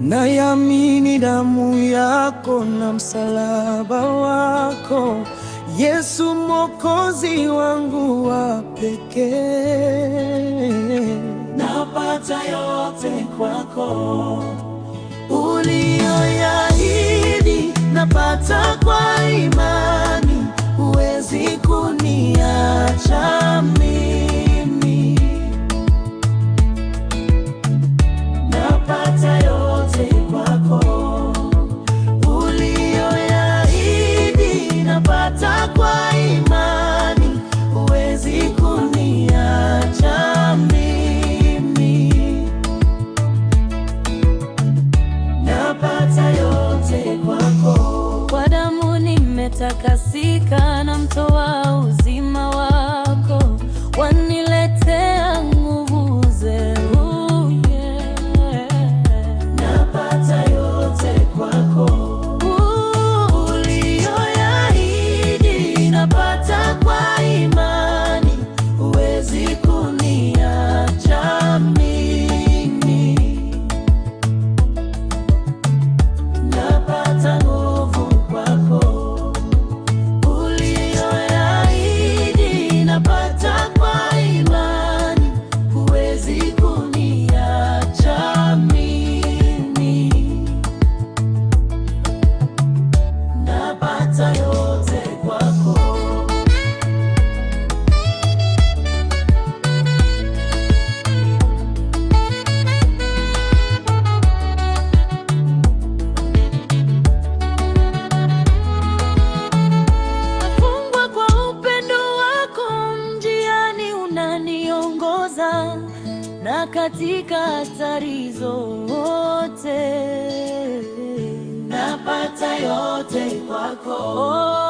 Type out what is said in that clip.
nayamini damu yako na msalaba wako Yesu Mwokozi wangu wa pekee. Napata yote kwako uliyoya сказать. na katika hatari zote napata yote kwako. Oh,